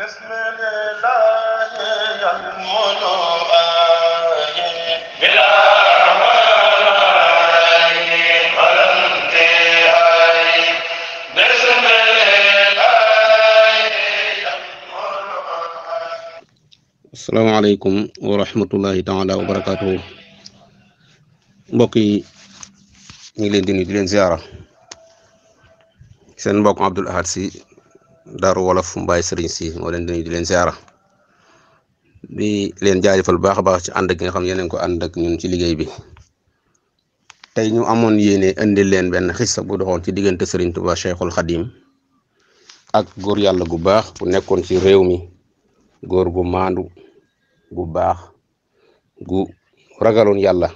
بسم السلام عليكم ورحمة الله تعالى وبركاته بقي ميلين دين leen زيارة nuyu di leen ziara wala fu mbay serigne si mo len di len ziarah leen siyaara di leen jaajëfal baax a ci and ak nga xam yeneen ko and ak ñun ci liggey bi tay ñu amoon yene andi len ben xissa bu doxon ci diggante serigne touba Cheikhul khadim ak gor yalla gu baax bu nekkon ci rew mi gor gu mandu gu baax gu ragalon yalla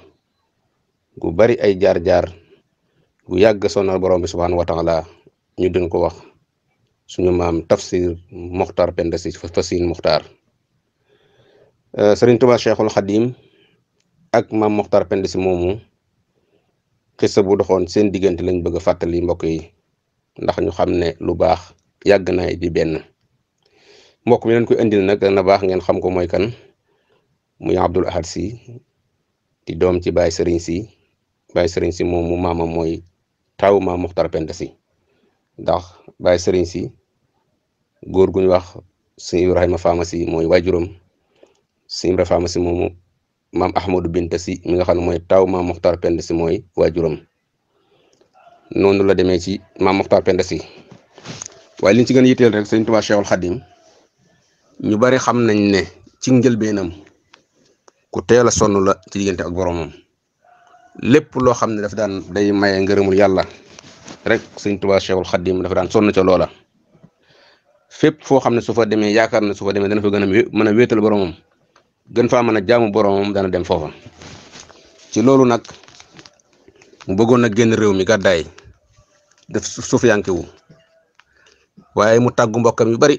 gu bari ay jaar-jaar gu yagg sonal borom subhanahu wa taala ñu dëng ko wax suñu maam tafsir moxtar si fasin moxtar euh, sëriñ tuba cheikhul xadim ak maam moxtar penda si moomu xissa bu doxoon seen diggante lañ bëgg a fàttali mbokk yi ndax ñu xam ne lu baax yàgg naay di benn mbokk mi leen koy indil nag dana baax ngeen xam ko mooy kan muy abdul ahad si di doom ci baay sëriñ si baay sëriñ si moomu maamam mooy taawu maam moxtar penda si ndax baay sëriñ si góor gu ñu wax sëñ Ibrahima Famasi mooy waajuram sëñ Ibrahima Famasi moomu maam Ahmadou Binta si mi nga xam ne mooy taw maam Mokhtar Penda si mooy waajuram noonu la demee ci maam Mokhtar Penda si waaye liñ ci gën a rek sëñ Tuubaa Cheikhul Khadim ñu bari xam nañ ne ci njëlbeenam ku teel a sonn la ci diggante ak boromam lépp loo xam ne daf daan day maye ngërëmul yàlla. rek sëñ Tuubaa Cheikhul Xadim dafa daan sonn ca loola fépp foo xam ne su fa demee yaakaar na su fa demee dana fa gën a mën a wéetal boromam gën faa mën a jaamu boromam dana dem foofa ci loolu nag mu bëggoon na génn réew mi gàddaay def suuf yankewu waaye mu tàggu mbokkam yu bari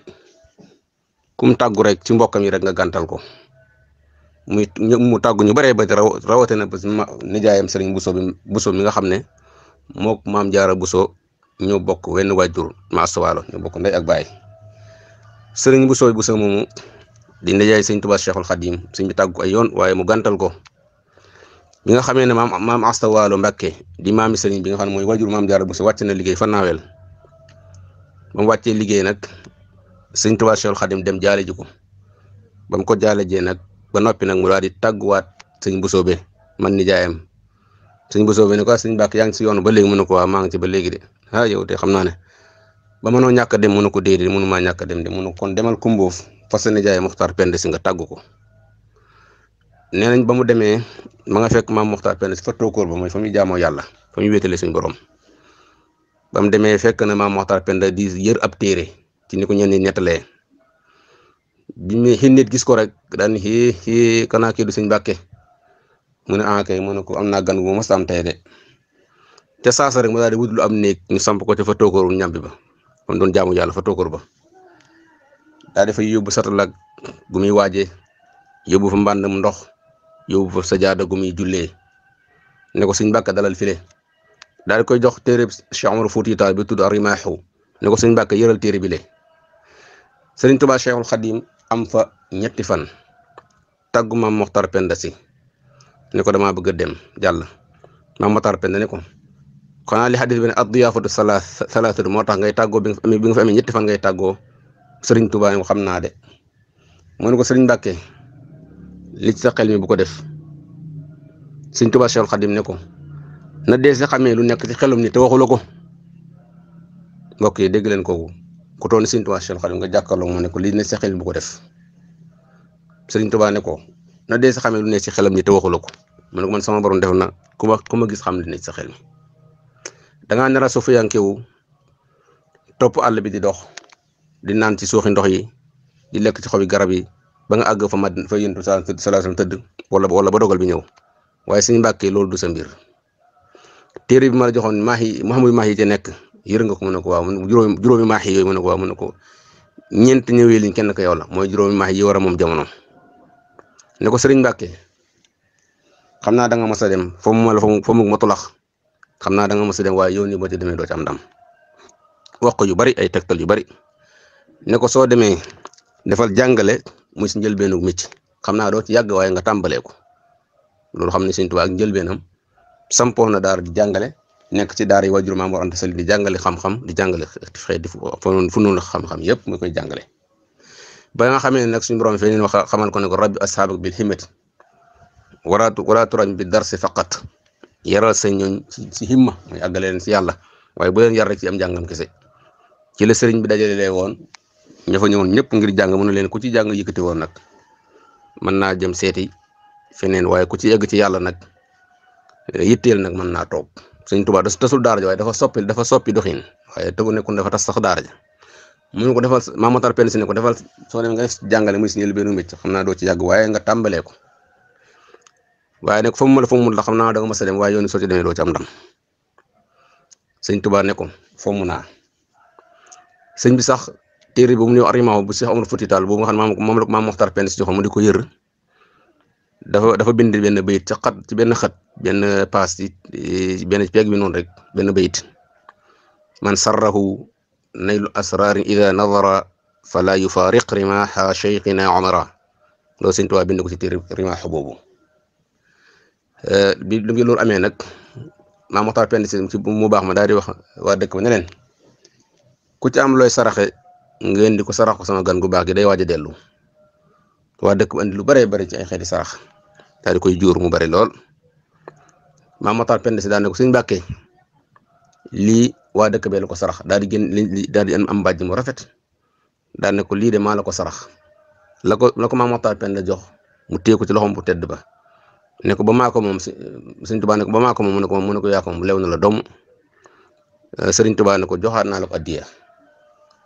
kum tàggu rek ci mbokkam yi rek nga gàntal ko muy mu tàggu ñu baree ba rawatina nijaayam sëriñ Bousso bi Bousso mi nga xam ne mook maam jaara Bousso ñoo bokk wenn waajur ma astawaalo ñoo bokk ndey ak baay sëriñ Bousso Bousso moomu di ndeyjaay sëñ Tuubaa Cheikhul Xadim sëñ bi tàggu waaye mu gàntal ko bi nga xamee ne maam maam astawaalo Mbàkke di maami sëriñ bi nga xam ne mooy waajur maam jaara Bousso wàcc na liggéey fa naaweel ba mu wàccee liggéey nag sëñ Tuubaa Cheikhul Xadim dem jaale ji ko ba ko jaale jee nag ba noppi nag mu daal di tàgguwaat sëñ Bousso be man nijaayam sëñ Bousso bi ne ko ah, yaa ngi si yoon ba léegi mu ne ko waa xam naa ne ba mënoo ñàkk dem mu ne ko déedéet mënumaa ñàkk dem de mu ne kon demal Kumboof fas ne jaay Muxtaar Pend nga tàggu ko nee nañ ba mu demee ma nga fekk maam Muxtaar Pend si fa tóokóor ba mooy fa muy jaamoo yàlla fa muy wéetale suñu borom ba mu demee fekk na maam Muxtaar Pend di yër ab téere ci ni ko ñenn ñi nettalee bi gis ko rek daan xii xii kanaa kii du sëñ Mbàkke mu ne ah kay mu ne ko am naa gan gu ma mas am tey de te saasa rek ma daal am néeg ñu samp ko ca fa toogoor ñambi ba kon doon jaamu yàlla fa toogoor ba yóbbu satalaak gu muy waajee yóbbu fa mbàndam ndox yóbbu fa sajaada gu muy jullee ne ko sëñ Mbàkke dalal file daal koy jox téere Cheikh Omar Fouti bi tudd Arimaaxu ne ko sëñ Mbàkke yëral téere bi le Sëriñ Tuubaa Cheikhul Xadim am fa ñetti fan tàgguma Moxtar Penda Si ne ko damaa bëgg a dem jàll maam Matar Penda ne ko xanaa li xadis bi ne ad diyaafatu salaasatu moo tax ngay tàggoo bi nga fi amee bi nga fi amee ñetti fan ngay tàggoo Serigne Touba ne xam naa de mu ne ko Serigne Mbacke li sa xel mi bu ko def Serigne Touba Cheikhul Khadim ne ko na dee si xamee lu nekk ci xelum ni te waxula ko mbokk yi dégg leen kooku ku toon Serigne Touba Cheikhul Khadim nga jàkkaarloo mu ne ko lii ne sa bu ko def Serigne ne ko na dee si xamee lu nekk si xelam ni te waxula ko. mu ne ko man sama borom def na ku ma ku ma gis xam li ne ci sa xel mi dangaa nar a suufiyankewu topp àll bi di dox di naan ci suuxi ndox yi di lekk ci xobi garab yi ba nga àgg fa ma fa yëntu salaasalaam tëdd wala wala ba dogal bi ñëw waaye suñu mbàkkee loolu du sa mbir téere bi ma la joxoon maax yi Mouhamadou maax yi ci nekk yër nga ko mu ne ko waaw mu juróomi juróomi maax yi yooyu ne ko waaw mu ko ñeent ñëwee liñ kenn ko yow la mooy juróomi maax yi war a moom jamono ne ko sëriñ Mbàkke xam naa danga nga mës a dem foofu mu la foofu mu ma xam naa danga nga a dem waaye yow nii boo ci demee doo ci am dam wax ko yu bari ay tegtal yu bari ne ko soo demee defal jàngale muy si njëlbeenu micc xam naa doo ci yàgg waaye nga tàmbalee ko loolu xam ne Sëñ Tuubaa ak njëlbeenam sampoo na daar di jàngale nekk ci daar yi waajur Maam Mor Anta Sali di jàngale xam-xam di jàngale xeet di fu noonu xam-xam yëpp mu koy jàngale ba nga xamee nag suñu borom fee neen wax ko ne ko rabbi ashaabak bil himmati waraatu waraatu rañ bi darsi faqat yaral sa ñooñ si himma muy àggale leen si yàlla waaye bu leen yar rek ci am jàngam kese ci la sëriñ bi dajale le woon ña fa ñëwoon ñëpp ngir jàng mu ne leen ku ci jàng yëkkati woon nag mën naa jëm seeti feneen waaye ku ci yegg ci yàlla nag eh, yitteel nag mën naa toog sëñ Tuubaa da tasul daara ja waaye dafa soppi dafa soppi doxin waaye tëgu nekkul dafa tas sax daara ja mu ko defal Maam Matar Penn si ne ko defal soo demee nga jàngale muy si njëlbéenu mécc xam naa doo ci yàgg waaye nga tàmbalee ko waaye nag fu mu la fu mu la xam naa da nga mas a dem waaye yoon soo ci demee doo ci am ndam sëñ Tuubaa ne ko fomm naa sëñ bi sax téere bu mu ñëw arrimaw bu Seex Omar Fuuti Taal boobu nga xam ne moom la maam Moxtar Penda si joxoon mu di ko yër dafa dafa bind benn bayit ca xat ci benn xat benn paas ci benn peeg bi noonu rek benn bayit man sarrahu naylu asrarin ida nadara fala yufariq rimaha cheikhina omara loolu sëñ Tuubaa bind ko ci téere rimaax boobu Euh, bi lu loolu amee nag maa moxtaar penn si ci mu baax ma daal wax waa dëkk ma ne leen ku ci am looy saraxe ngeen di ko sarax ko sama gan gu baax gi day waaj a dellu waa dëkk bi andi lu bëree bëri ci ay xeeti sarax daal koy jóor mu bëri lool maa moxtaar penn si daal ne ko suñ lii waa dëkk bee la ko sarax daal di génn li am mbàjj mu rafet daal ne ko lii de maa la ko sarax la ko la ko maa moxtaar penn jox mu téye ko ci loxoom bu tedd ba ne ba maa ko moom sëñ Tuubaa ba maa ko moom mu ne ko yaa lew na la doom euh, sëriñ Tuubaa ne ko joxaat naa la ko addiya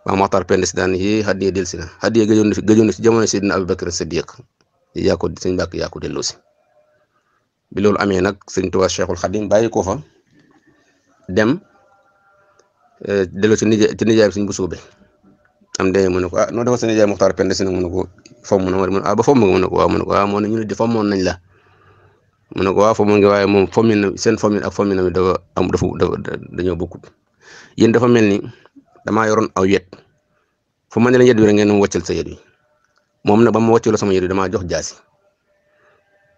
waa si daan yi fi gëjoon na fi jamono Seydina Abubakar Siddiq yaa ko sëñ Mbàkke yaa ko loolu amee nag sëriñ Tuubaa Cheikhul Xadim bàyyi ko fa dem euh, delloo ci nijaay ci nijaay bi suñ bu suube am demee mu ne ko ah noo defal sa nijaay si nag mu na mu ne ah, ba fomm nga mu ne waaw mu ne ko ah moo ne ñu nañ la mu ne ko waa Fomone waaye moom Fomine seen Fomine ak Fomine mi dafa am dafa dañoo bokkut yéen dafa mel ni damaa yoroon aw yet fu ma ne la yet bi rek ngeen wàccal sa yet bi moom nag ba mu wàccaloo sama yet bi damaa jox jaasi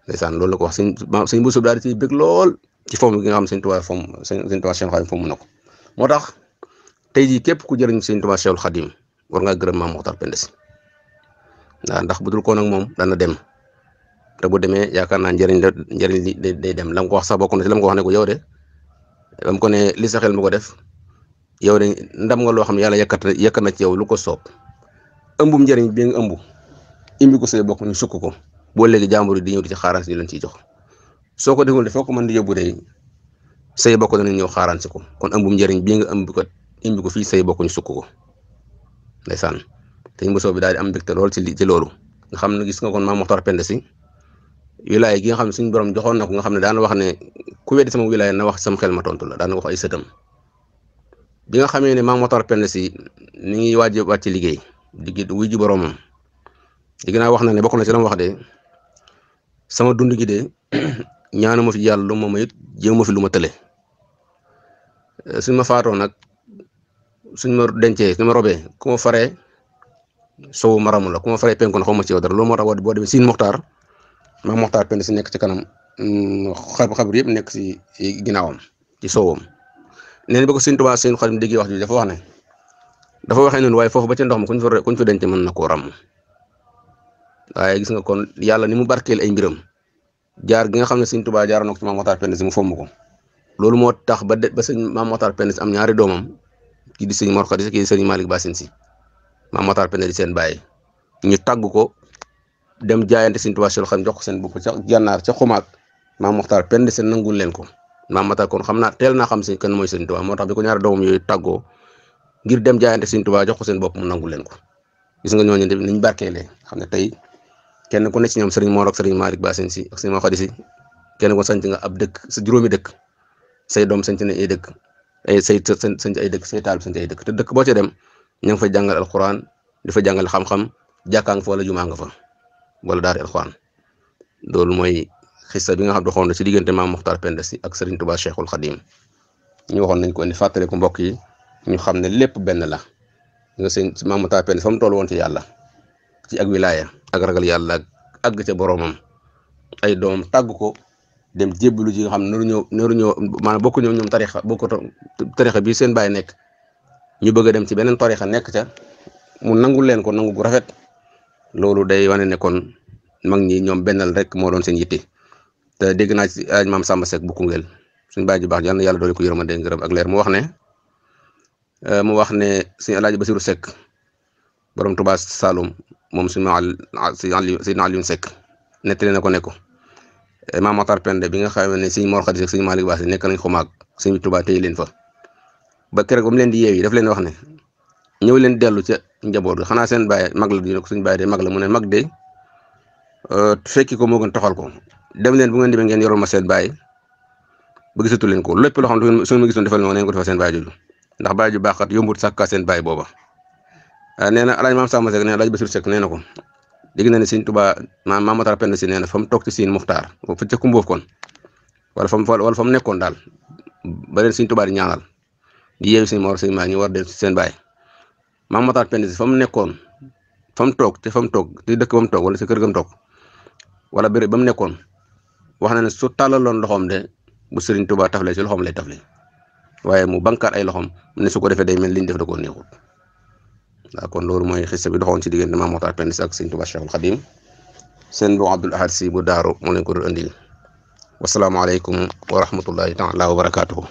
ndeysaan loolu la ko wax sëñ ma sëñ Bousso daal di ciy bëgg lool ci fomm gi nga xam sëñ Tuubaa fomm sëñ Tuubaa Cheikh Xadim fomm na ko moo tax tey jii képp ku jëriñ sëñ Tuubaa Cheikh Xadim war ngaa gërëm Maam Moxtar Penda Si ndax bu dul ko nag moom dana dem. te bu demee yaakaar naa njëriñ la njëriñ li day dem la mu ko wax sax na ci ko wax ne ko yow de ba ko ne li sa xel mu ko def yow de ndam nga loo xam ne yàlla yëkkat yëkkat na ci lu ko soob ëmbum njëriñ bi nga ëmb ko say bokk sukk ko boo léegi jàmbur di ñëw di ci xaaraan si ñu ciy jox soo ko deful foo ko mën di yóbbu de say bokk danañ ñëw xaaraan ko kon ëmbum njëriñ bii nga ëmb ko imbi ko fii say bokk sukk ko ndeysaan te ñu mosoo bi daal di am mbégte lool ci ci loolu xam ne gis nga kon maam Moxtar Penda Si wilaay gi nga xam ne suñu borom joxoon na ko nga xam ne daana wax ne ku weddi sama wilaay na wax sama xel ma tontu la daana wax ay sëtam bi nga xamee ne Mame Matar Penda Sy ni ngi waaj a wàcc liggéey di wuy ji boromam di wax na ne bokk la mu wax de sama dund gi de ñaanu ma fi yàlla lu ma may jéem ma ma tële suñ ma faatoo nag suñ ma dencee suñ ma robee ku ma faree sowu maramu la ku ma faree penku na xaw ma ci yow dara loolu moo tax boo demee Sine Mokhtar maam Moxtaar Penda si nekk ci kanam mm, xab xabir yëpp nekk si ginnaawam ci soowam neen ba ko Sëñ Tuubaa seen xarit dégg wax ji dafa wax ne dafa waxee noonu waaye foofu ba ca ndox ma kuñ fa kuñ fa denc mën na koo ràmm waaye gis nga kon yàlla ni mu barkeel ay mbiram jaar gi nga xam ne Sëñ Tuubaa jaar na ko ci maam Moxtaar Penda si mu fomm ko loolu moo tax ba de ba sëñ maam Moxtaar Penda si am ñaari doomam kii di sëñ Mor Khady si di sëñ Malick Bassine si maam Moxtaar Penda di seen bàyyi ñu tàgg ko. dem jaayante Sëñ Tuubaa Seexul Xadiim jox ko seen bopp ca jannaar ca xumaag maam Moxtaar pend seen nangul leen ko maam Matar kon xam naa teel na xam si kan mooy Sëñ Tuubaa moo tax bi ko ñaari doomam yooyu tàggoo ngir dem jaayante Sëñ Tuubaa jox ko seen bopp mu nangul leen ko gis nga ñooñu tamit ni ñu barkeelee xam ne tey kenn ku ne si ñoom Serigne Mor ak Serigne Malick Bassène si ak Serigne Makhady si kenn ku sanc nga ab dëkk sa juróomi dëkk say doom sanc ne ay dëkk ay say sanc ay dëkk say taal sanc ay dëkk te dëkk boo ca dem ña nga fay jàngal alquran di fa jàngal xam-xam jàkkaa nga fa wala jumaa wala daari alxuraan loolu mooy xista bi nga xam ne doxoon na ci diggante maam Moxtaar Penda Si ak Serigne Touba Cheikhul Khadim ñu waxoon nañ ko ni fàttaliku mbokk yi ñu xam ne lépp benn la nga seen maam Moxtaar Penda fa mu toll woon ci yàlla ci ak wilaaya ak ragal yàlla ak àgg ca boroomam ay doom tàgg ko dem jébbalu ji nga xam ne naru ñoo naru ñoo maanaam bokku ñoom ñoom tarixa bokku tarixa bi seen bàyyi nekk ñu bëgg dem ci beneen tarixa nekk ca mu nangu leen ko nangu gu rafet loolu day wane ne kon mag ñi ñoom bennal rek moo doon seen yitte te dégg naa ci aj maam Samba Seck bu Koungheul suñu baay ju baax yal na yàlla doole ko yërmande ngërëm ak leer mu wax ne euh, mu wax ne suñu ba Basiru sekk borom Touba saalum moom suñu maam Seydina Alioune Seck nettali na ko ne ko euh, maam Matar Pende bi nga xam ne suñu Mor Khady Seck suñu Malick Basse nekk nañ xumaag suñu Touba téye leen fa ba keroog ba mu leen di yeewi daf leen wax ne. ñëw leen dellu ca njaboot ga xanaa seen baay mag la du ne suñ baay de mag la mu ne mag de euh, fekki ko moo gën toxal ko dem leen bu ngeen demee ngeen yorol ma seen baay ba gisatu leen ko lépp loo xam ne su ma gisoon defal ma neen ko defal seen baay jooju baax baay ju baaxat yombut sàkka seen baay booba euh, nee na alaaj maam Samba Seck nee na alaaj Basiru Seck nee na ko dégg na ne Sëñ Tuubaa maam maam Matar Penda Si nee na fa mu toog ci Siin Muxtaar fa ca Kumboof kon wala fa mu wala fa mu nekkoon daal ba leen Sëñ Tuubaa di ñaanal di yeewi sëñ Mor sëñ maa ñu war dem seen baay maam Matar Penda fa mu nekkoon fa mu toog te fa mu toog te dëkk ba mu toog wala si kër ga mu toog wala béréb ba mu nekkoon wax na ne su tàllaloon loxoom de bu Serigne Touba le si loxoom lay taflee waaye mu bankaar ay loxoom ne su ko defee day mel li ñu def da koo neexut waaw kon loolu mooy xista bi doxoon si diggante maam Matar Penda si ak Serigne Touba Cheikhul Khadim seen bu Abdoul Ahad si bu daaro moo leen ko doon indil wasalaamaaleykum wa rahmatullahi taala wa barakaatuhu